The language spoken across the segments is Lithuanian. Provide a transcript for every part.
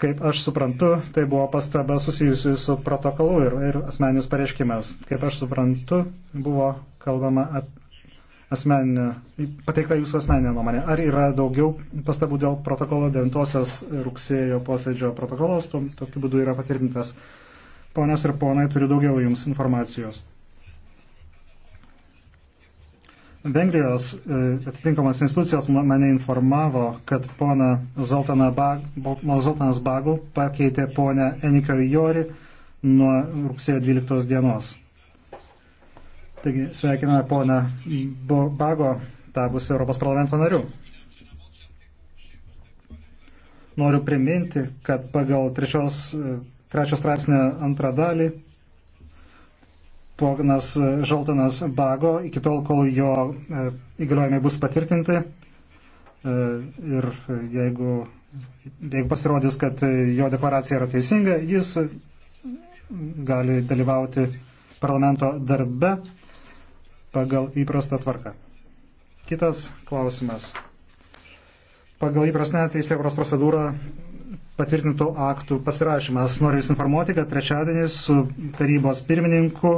Kaip aš suprantu, tai buvo pastaba susijusi su protokolu ir, ir asmeninis pareiškimas. Kaip aš suprantu, buvo kalbama apie asmeninę, pateikta jūsų asmeninė nuomonė. Ar yra daugiau pastabų dėl protokolo 9 rugsėjo posėdžio protokolos, tokiu būdu yra patvirtintas. Ponios ir ponai, turiu daugiau jums informacijos. Vengrijos e, atitinkamas institucijos mane informavo, kad pona Zoltanas Bag, Bagul pakeitė ponę Enikio Jori nuo rugsėjo 12 dienos. Taigi sveikiname poną Bago, tapusi Europos parlamento nariu. Noriu priminti, kad pagal trečios, e, trečios straipsnio antrą dalį ponas Žoltanas Bago iki tol, kol jo e, įgaliojimai bus patvirtinti. E, ir e, jeigu, jeigu pasirodys, kad jo deklaracija yra teisinga, jis gali dalyvauti parlamento darbe pagal įprastą tvarką. Kitas klausimas. Pagal įprastinę teisėkuros procedūrą patvirtintų aktų pasirašymas. Noriu Jūs informuoti, kad trečiadienį su tarybos pirmininku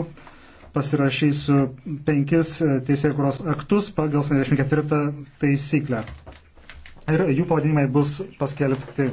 pasirašysiu penkis teisėkuros aktus pagal 74 taisyklę. Ir jų pavadinimai bus paskelbti